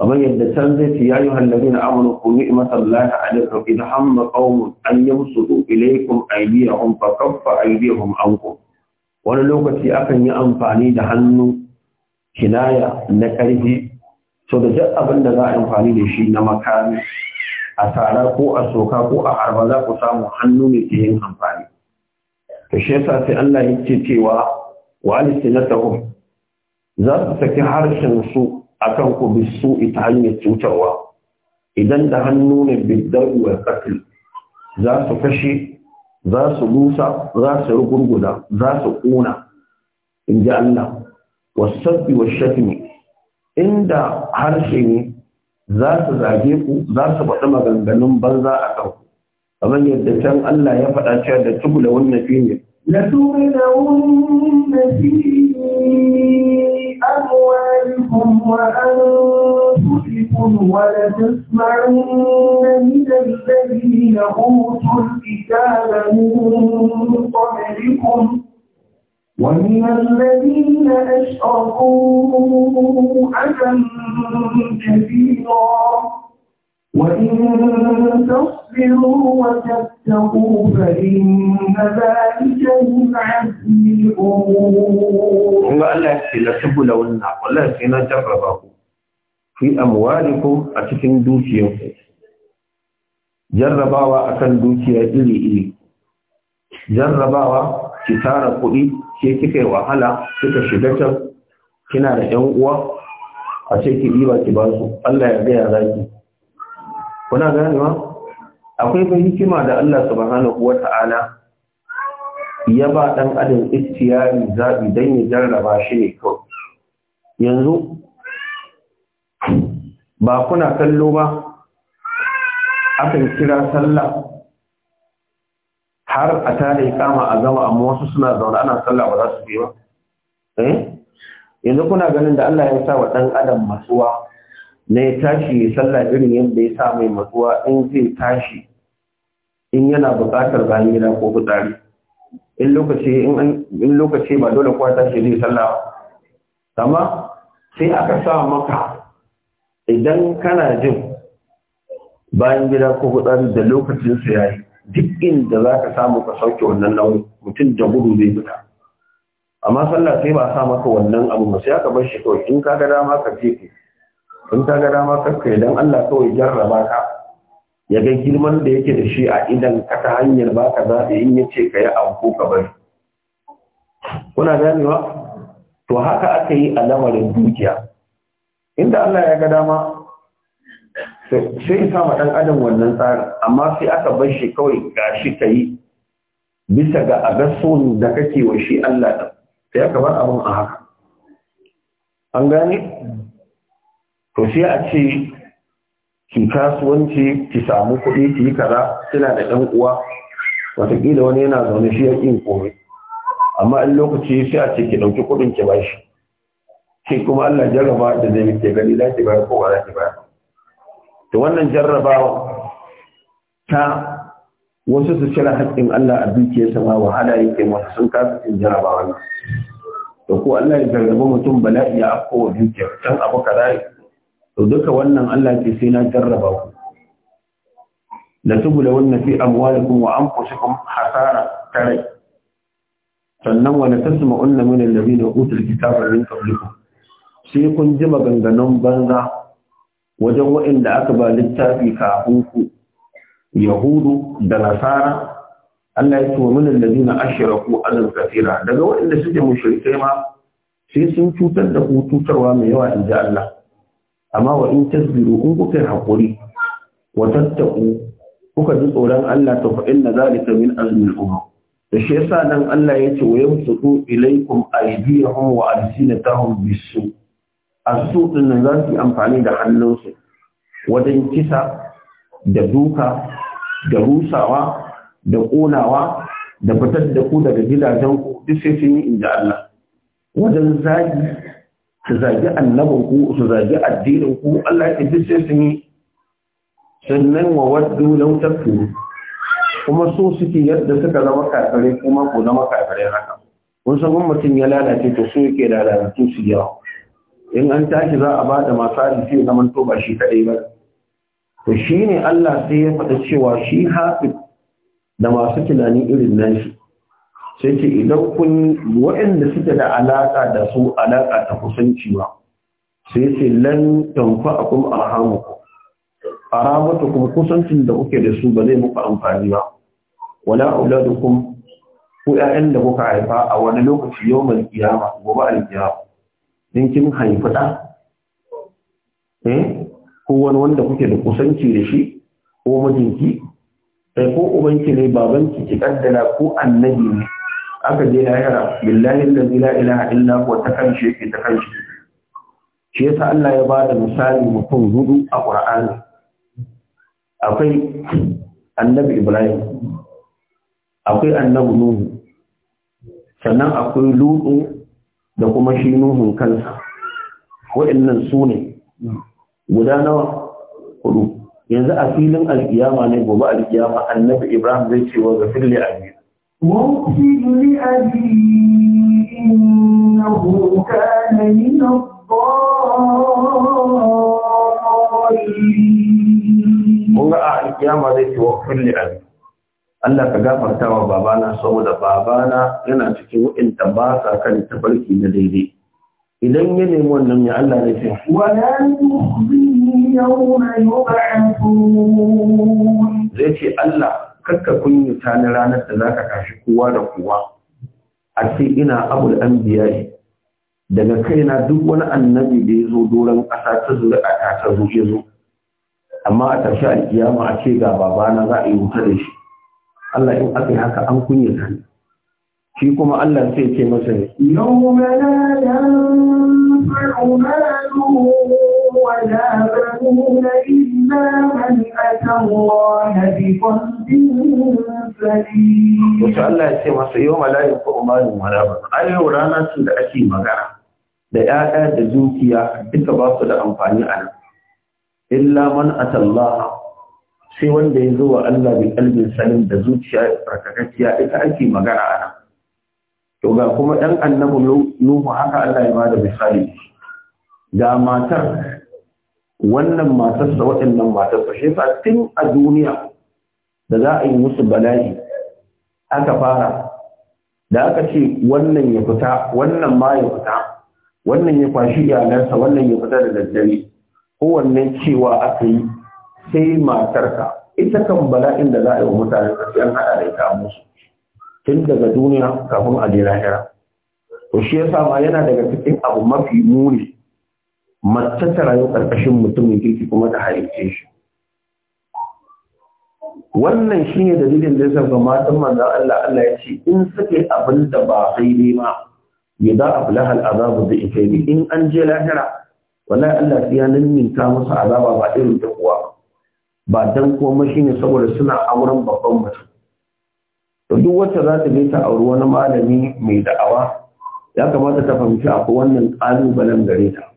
kamar yadda can zai ce ya yi hallabi na amonu ku yi a da sauƙi da hamma ƙaunin an yi musu ilaikum aibiya hun fa kaffa wani lokaci akan yi amfani da hannu kinaya na ƙarfi so da duk da za a amfani da shi na makami a tara ko a soka ko a harba za ku samu hannu ne ke yin amfani to shi yasa Allah ya ce cewa wa alisinatahum za su saki harshen su akan ku bi bisu ita hanyar cutarwa idan da hannu ne biddaru wa za su kashe za su busa za su rugurguda za su kuna in ji Allah wasabbi washatmi inda harshe ne za su zage ku za su faɗi maganganun banza a kan ku kamar yadda can Allah ya faɗa cewa da tubula wannan fi ne la tubula أموالكم وأنفسكم ولتسمعن من الذين أوتوا الكتاب من قبلكم ومن الذين أشركوا أذى كثيرا وإن تصبروا وتتقوا فإن ذلك من عزم الأمور. الله لتبلون والله سنجربكم في أموالكم أتكن دوسيكم jarrabawa akan dukiya iri-iri jarrabawa ki tara kuɗi ke kika yi wahala kika shiga can kina da 'yan uwa a ce ki ɗiba ki basu. Allah ya gaya zaki kuna ganewa akwai ban hikima da Allah subhanahu wata'ala ya ba dan adam istiyari zabi dan ya jarraba shi ne ko yanzu ba kuna kallo ba akan kira sallah har a tare kama a zama amma wasu suna zaune ana sallah ba za su bi ba eh? yanzu kuna ganin da Allah ya sa wa dan adam masuwa na ya tashi ya sallah irin yadda ya sa mai matsuwa in zai tashi in yana buƙatar bayan gida ko fitsari in lokaci ba dole kowa tashi zai ba amma sai aka sa maka idan kana jin bayan gida ko fitsari da lokacin su yayi duk inda za ka samu ka sauke wannan nauyi mutum da gudu zai fita amma sallah sai ba sa maka wannan abu ba sai aka bar shi kawai in ka ga dama ka je Kun ta ga dama kanka idan Allah kawai jarraba ka ya ga girman da yake da shi a idan ka ta hanyar ba ka zaɓi in ya ce ka yi abu ka bari kuna ganewa to haka aka yi a lamarin dukiya inda Allah ya ga dama sai sa ma ɗan adam wannan tsarin amma sai aka bar shi kawai gashi ka yi bisa ga agasson da kake wa shi Allah ɗan sai aka bar abin a haka an gane to sai a ce ki kasuwanci ki samu kuɗi ki yi kaza kina da ɗan uwa wataƙila wani yana zaune shi ya ƙin kome amma in lokaci sai a ce ki ɗauki kuɗin ki bashi sai kuma Allah jarraba da zai muke gani za ki bayar ko ba za ki bayar to wannan jarrabawa ta wasu su cire haƙƙin Allah a dukiyarsa ma wahala yake masu sun kasa cin jarrabawa ne to ko Allah ya jarraba mutum bala'i ya afko wa dukiyar can abu kaza to duka wannan Allah ce sai na jarraba ku la tubla wanna fi amwalikum wa anfusikum hasara tare sannan wa tasma'unna min alladhina utul kitaba min qablikum sai kun ji maganganun banza wajen waɗanda aka ba littafi kafin ku yahudu da nasara Allah ya ce wa minan ladina ashraku azal kathira daga waɗanda suke mushrikai ma sai sun cutar da ku cutarwa mai yawa in ji Allah amma wa in tasbiru in kuka hakuri wa tattaku kuka ji tsoron Allah ta fa inna zalika min azmil umur da shi yasa nan Allah ya ce wa yamsutu ilaykum aydihum wa alsinatahum bisu asu din nan za su amfani da hannunsu wajen kisa da duka da rusawa da ƙonawa da fitar da ku daga gidajen ku duk sai sun yi inda Allah wajen zagi su zagi annabin ku su zagi addinin ku Allah ya duk sai su yi sannan wa waddu lau takfuru kuma so suke yadda suka zama kafare kuma ku zama kafare haka kun san mutum ya lalace to so yake da lalatu su yawa in an tashi za a bada masaji sai zaman to ba shi kadai ba to ne Allah sai ya faɗa cewa shi hafi da masu tunani irin nan shi sai ce idan kun waɗanda suke da alaƙa da su alaƙa ta kusanciwa sai ce lan tanfa a kuma arhamuku a ramata kuma kusancin da kuke da su ba zai muku amfani ba wala auladukum ku ƴaƴan da kuka haifa a wani lokaci yau mai kiyama gobe alkiyama in kin haifi ɗa eh ko wani wanda kuke da kusanci da shi ko mijinki eh, ko ubanki ne babanki ki kaddala ko annabi ne aka je yara billahi da la ilaha illa huwa ta kanshi yake ta kanshi shi yasa Allah ya bada misali mutum hudu a Qur'ani akwai annabi Ibrahim akwai annabi Nuhu sannan akwai Lutu da kuma shi Nuhu kansa nan su ne guda nawa hudu yanzu a filin alkiyama ne gobe alkiyama annabi Ibrahim zai ce wa gafir li abi واغفر لأبي إنه كان من الضالين قل أعلم ذلك واغفر لأبي Allah ka gafarta wa babana saboda babana yana cikin da ba sa kan tafarki na daidai. Idan ya nemi wannan ya Allah ne fiye. Wala tukhzini yawma yub'athun. Zai ce Allah kakka kunyata ni ranar da za ka kashi kowa da kowa a ce ina abul anbiya daga kaina duk wani annabi da ya zo doron ƙasa ta zuri a ta ta zo amma a tashi alkiyama a ce ga babana za a yi wuta da shi Allah in aka yi haka an kunyata ne shi kuma Allah sai ce masa ne yau mana da ولا بنون Allah ya ce masa yau malayin ko umarin Ai yau rana da ake magana. Da ‘ya'ya da dukiya duka ba su da amfani a nan. Illa man atallaha sai wanda ya zo wa Allah bi kalbin salim da zuciya tsarkakakkiya ita ake magana a nan. To ga kuma dan annabi Nuhu haka Allah ya bada misali. Ga matar wannan matarsa waɗannan matarsa shi yasa tun a duniya da za a yi musu bala'i aka fara da aka ce wannan ya fita wannan ma ya fita wannan ya kwashi iyalansa wannan ya fita da daddare kowanne cewa aka yi sai matarka ita kan bala'in da za a yi wa mutane sai 'yan haɗa da ita musu tun daga duniya kafin a je lahira to shi yasa ma yana daga cikin abu mafi muni mace ta rayu ƙarƙashin mutumin kirki kuma ta halice shi wannan shine dalilin da yasa ga matan manzan Allah Allah ya ce in suke abin da ba daidai ma ya da aflahal azabu da ita in an je lahira wala Allah ya ninninka masa azaba ba irin ta kuwa ba dan komai shine saboda suna auren babban mutum to duk wacce za ta je ta auri wani malami mai da'awa ya kamata ta fahimci akwai wannan ƙalubalen gare ta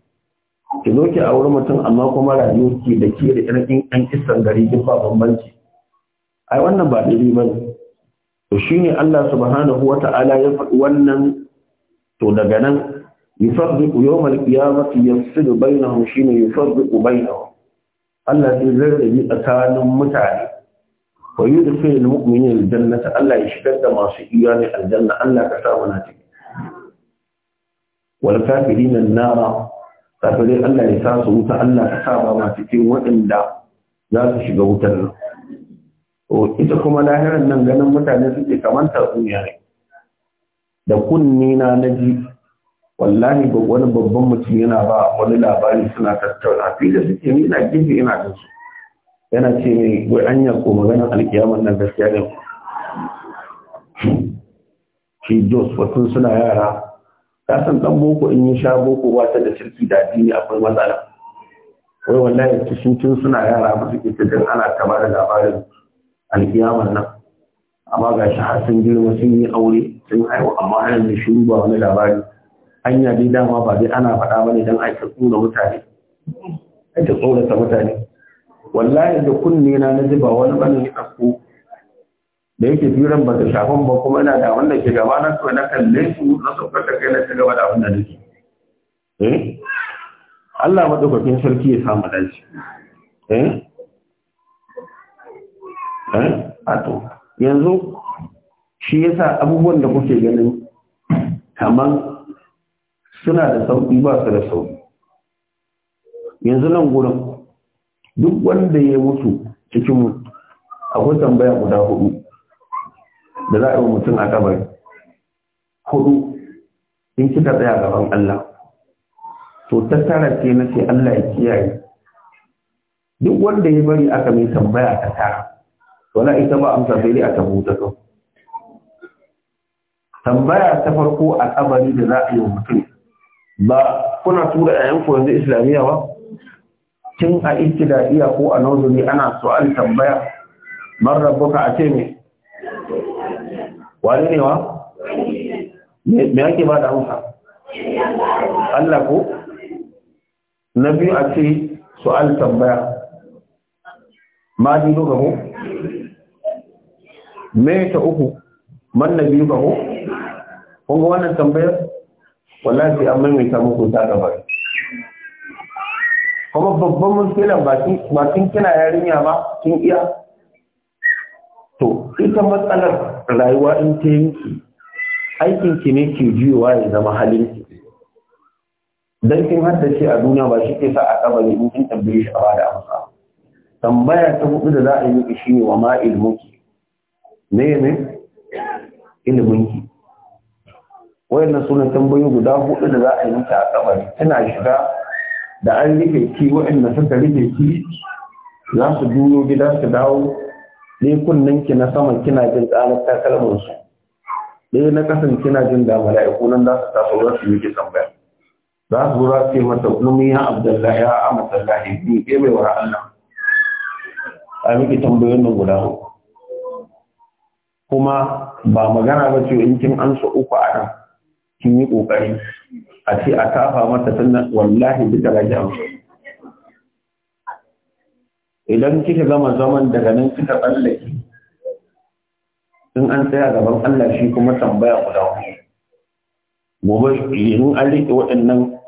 ki zo ki auri mutum amma kuma rayuwar ke da ke da irin ɗan isan gari duk ba bambanci ai wannan ba daidai ba ne to shine Allah subhanahu wata'ala ya faɗi wannan to daga nan yufarriqu yawmal qiyamati yafsidu bainahum shine yufarriqu bainahum Allah zai rarrabe tsakanin mutane wa yudkhilu al-mu'minina al-jannata Allah ya shigar da masu iyali aljanna Allah ka sa mana ciki wal kafirina an-nara dai Allah ya sa su wuta Allah ya sa ba cikin waɗanda za su shiga wutar nan to ita kuma lahirar nan ganin mutane suke kamar duniya ne da kunni na naji wallahi ba wani babban mutum yana ba wani labari suna tattauna fi da suke ni na gefe ina da su yana ce mai wai yi ko maganar alkiyamar nan gaskiya ne shi jos wasu suna yara ka san dan boko in yi sha boko ba ta da shirki da addini akwai matsala wai wallahi kishin tun suna yara ba ke cikin ana kama da labarin alkiyamar nan amma ga shi har sun girma sun yi aure sun haihu amma har yanzu shiru ba wani labari hanya dai dama ba dai ana faɗa bane dan a ta tsura mutane a ta tsorata mutane wallahi da kunne na na ji ba wani bane ya ɗauko da yake turan ba ta shafan ba kuma ina da wanda ke gaba na kawai na kalle su na saukar da kai na ta gaba da abin da nake eh Allah madaukakin sarki ya samu dace eh eh yanzu shi yasa abubuwan da kuke ganin kamar suna da sauki ba su da sauki yanzu nan gurin duk wanda ya mutu cikin akwai tambaya guda hudu da za a yi mutum a kabari hudu in kika tsaya gaban Allah to tara ce na ce Allah ya kiyaye duk wanda ya bari aka mai tambaya ta tara na ita ba amsa sai dai a tabbuta to tambaya ta farko a kabari da za a yi mutum ba kuna tura yayan ku yanzu islamiyya ba tun a iya ko a nazari ana su'al tambaya man rabbuka a ce me wane ne wa me ake ba da amsa Allah ko na biyu a ce su'al tambaya ma dino ga ko? me ta uku man na biyu ga Ko kun ga wannan tambayar wallahi an maimaita muku ta gaba kuma babban muskilan ba kin kina yarinya ba kin iya to ita matsalar rayuwa in ta yanki ki ne ke juyowa ya zama halin ki. dan kin haddace a duniya ba shi ke sa a kabari in kin tambaye shi a ba da amsa tambaya ta hudu da za a yi miki shine wa ma ilmuki ne ne ki. wayannan sunan tambayoyi guda hudu da za a yi miki a kabari tana shiga da an rike ki wayanda suka rike ki za su duro gida su dawo ɗaya kunnen ki na saman kina jin ƙarar takalmin su ɗaya na kasan kina jin da mala'iku nan za su tafi za su miki tambaya za su zura su mata gumi ya abdullahi ya amatallahi ni ke wa Allah a miki tambayoyin nan guda kuma ba magana ba ce in kin ansa uku a nan kin yi kokari a ce a kafa mata sannan wallahi duka rage amsa idan kika gama zaman daga nan kika tsallake in an tsaya gaban Allah shi kuma tambaya guda gobe in an rike waɗannan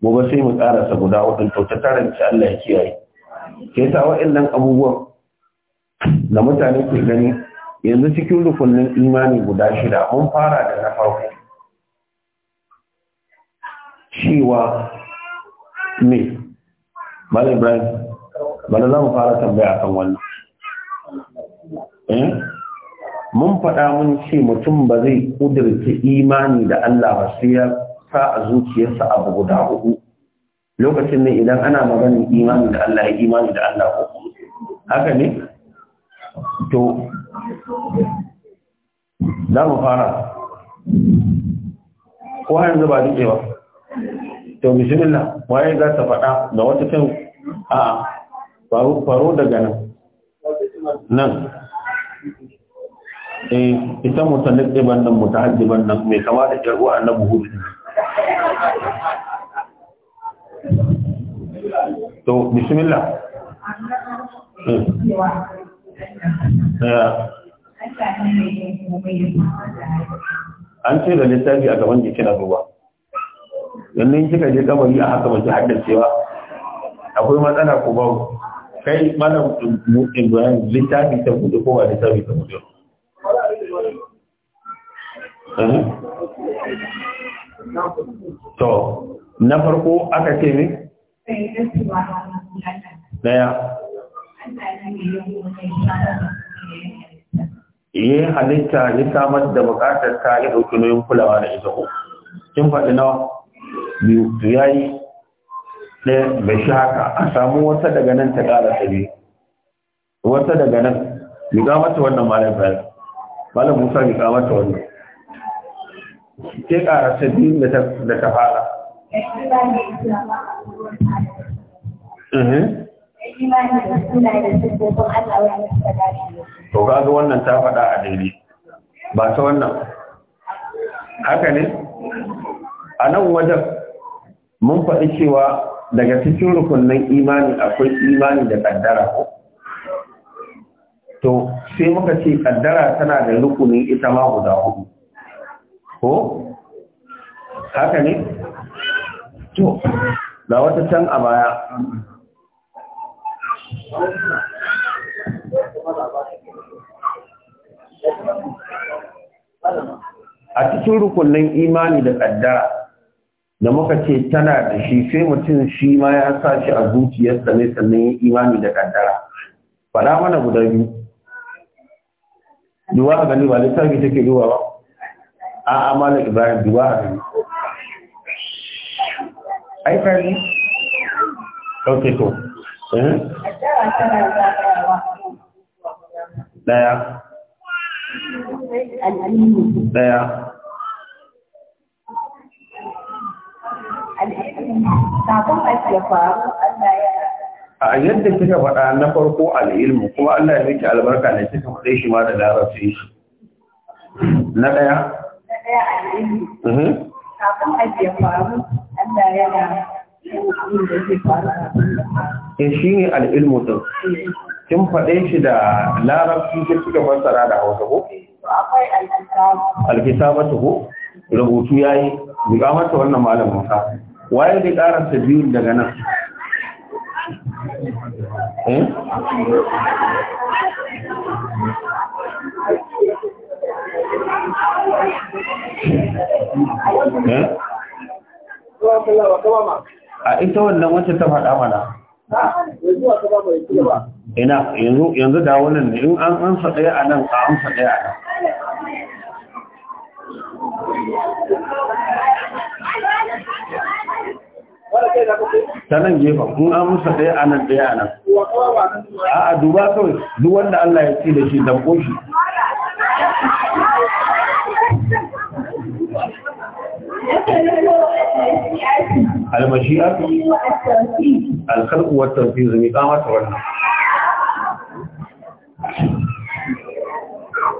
gobe sai mu ƙarasa guda waɗin to ta da Allah ya kiyaye ke sa waɗannan abubuwan da mutane ke gani yanzu cikin rukunin imani guda shida mun fara da na farko cewa me Malam bana za mu fara tambaya kan wannan eh? mun faɗa mun ce mutum ba zai ƙudurta imani da Allah ba sai ya sa a zuciyarsa abu guda uku lokacin ne idan ana maganin imani da Allah ya imani da Allah ko haka ne to za mu fara ko yanzu ba duke ba to bismillah waye za ta faɗa da wata kan a faru faru daga nan nan eh ita ban nan ban nan mai kama da jarwa annabi hudu to bismillah eh. Eh. an ce da littafi a gaban jikin ruwa yannan kika je yi a haka mace haddacewa akwai matsala ko babu kai mutum bayan littafi ta buɗe ko littafi ta buɗe eh? to na farko aka ce ne daya yi halitta ya samar da bukatar ta yi ɗauki kulawa da ita ko kin faɗi nawa biyu ya yi ɗaya bai shi haka a samu wata daga nan ta ƙara sabi wata daga nan ga mata wannan malam fayar malam musa ga mata wannan ke ƙara sabi da ta fara mhm. to ga wannan ta faɗa a daidai ba ta wannan haka ne a nan wajen mun faɗi cewa daga cikin rukunnan imani akwai imani da kaddara to sai muka ce kaddara tana da rukunin ita ma guda hudu ko haka ne to da wata can a baya a cikin rukunin imani da kaddara da muka ce tana da shi sai mutum shi ma ya sa shi a zuciyarsa ne sannan ya imani da kaddara faɗa mana guda biyu duwa a gani ba littafi take duwa ba a amala ibrahim duwa a gani aikari ɗauke to eh? ɗaya ɗaya faru Allah ya a yadda kika faɗa na farko al'ilmu kuma Allah ya miki albarka ne kika faɗe shi ma da larabci shi na ɗaya na ɗaya al'ilmu kafin mhm. abu ya faru Allah ya e shi ne al'ilmu ɗin kin faɗe shi da larabci ke suka fassara da hausa ko? akwai alkisabatu ko rubutu ya yi buga mata wannan malamin musa waye da ta biyun daga nan eh? Eh? a ita wannan wacce ta faɗa mana ina yanzu da wannan ne in an amsa ɗaya a nan a amsa ɗaya a nan ta nan gefen kun an musa ɗaya a nan ɗaya a nan a duba kawai duk wanda Allah ya ci da shi dan kofi. almashi'a alkhalqu wa tanfiz mi kama ta wannan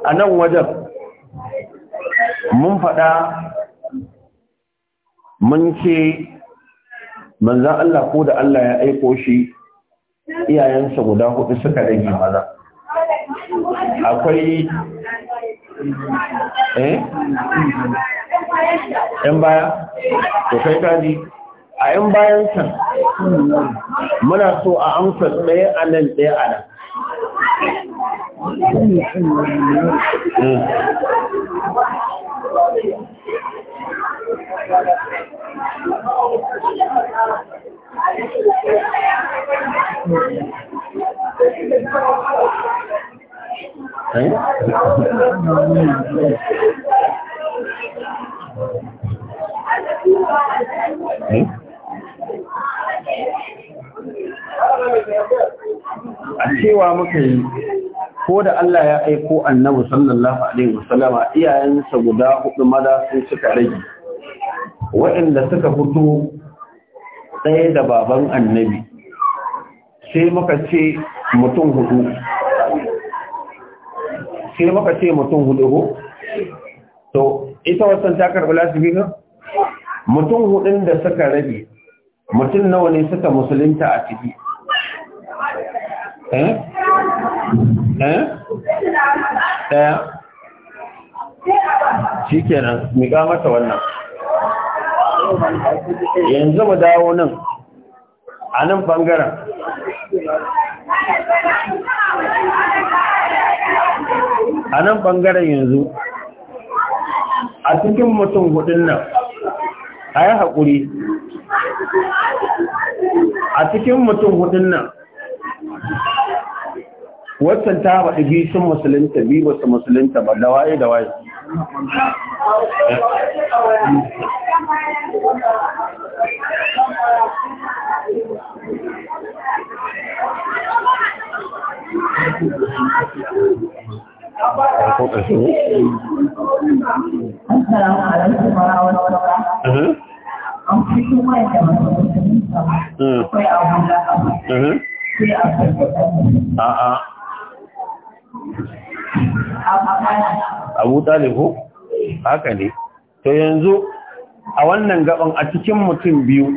a nan wajen mun faɗa mun ce manzan Allah ko da Allah ya aiko shi iyayensa guda hudu suka rage maza akwai eh yan baya to kai kaji a yan bayan muna so a amsa ɗaya a nan ɗaya a nan hmm. Eh? Eh? a cewa muka yi ko da Allah ya aiko annabu sallallahu alaihi wasallama iyayensa guda hudu maza sun suka rage waɗanda suka fito ɗaya da baban annabi sai muka ce mutum hudu sai muka ce mutum hudu ko to ita wasan ta karɓi lasibina mutum hudun da suka rabe mutum nawa ne suka musulunta a ciki eh eh ɗaya shi kenan miƙa mata wannan yanzu mu dawo nan a nan bangaren a nan bangaren yanzu a cikin mutum hudun nan a yi haƙuri a cikin mutum hudun nan waccan ta haɗu bishin sun musulunta biyu wasu musulunta ba da waye da waye Assalamu alaikum warahmatullahi wabarakatuh. An fito mai da masu musulmi akwai abu da abu. Sai a kai A'a. abu talibu haka ne to yanzu a wannan gaban a cikin mutum biyu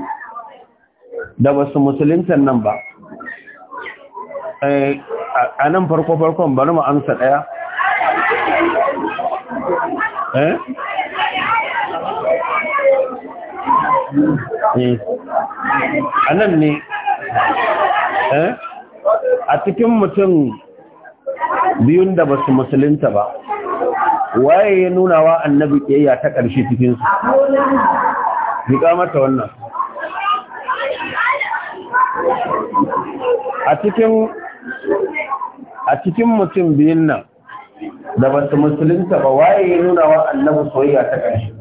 da ba su musulunta nan ba eh, a nan farko-farkon bari mu amsa ɗaya eh? Eh. a nan ne a cikin mutum biyun da ba su musulunta ba waye ya nuna wa annabi ƙiyayya ta ƙarshe cikinsu Jika mata wannan a cikin a cikin mutum biyun nan da ba su musulunta ba waye ya nuna wa annabi soyayya ta ƙarshe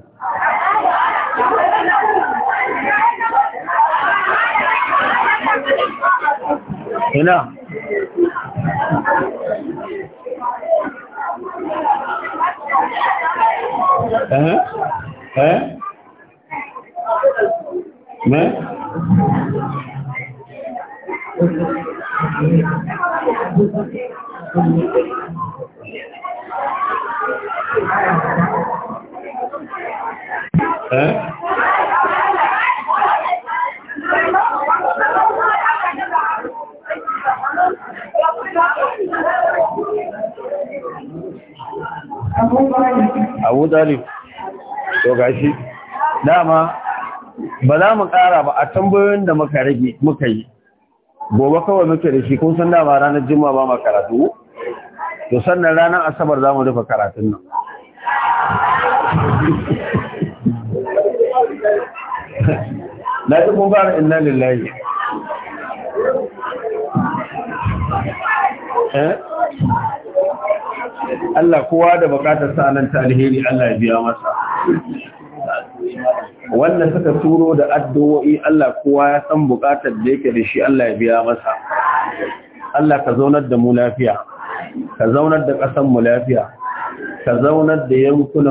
ina ẹ́ ẹ́ gashi dama ba za mu ƙara ba a tambayoyin da muka rage muka yi gobe kawai muke da shi kun san dama ranar juma'a ba mu karatu to sannan ranar asabar za mu rufe karatun nan na ji kun fara inna lillahi eh Allah kowa da bukatar sa nan ta alheri Allah ya biya masa Wannan suka turo da addu'o'i Allah kowa ya san bukatar da yake da shi Allah ya biya masa Allah ka zaunar da mu lafiya ka zaunar da ƙasar mu lafiya ka zaunar da yankunan